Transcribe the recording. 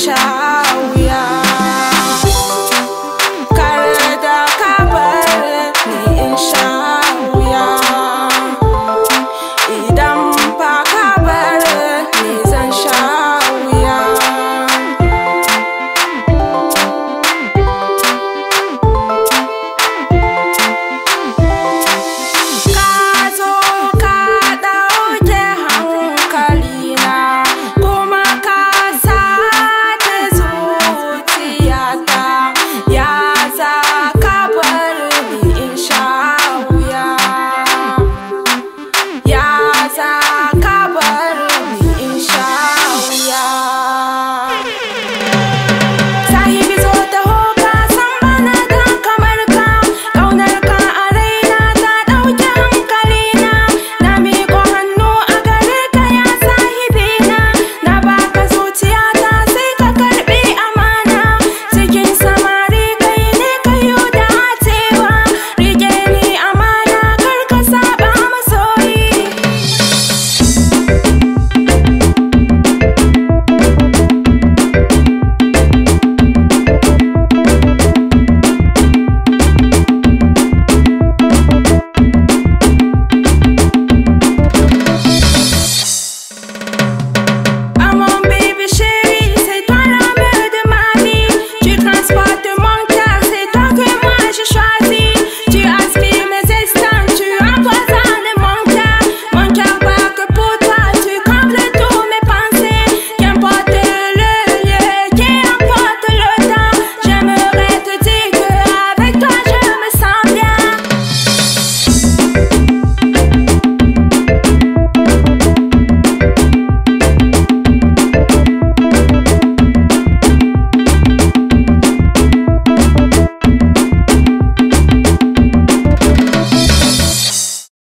shot.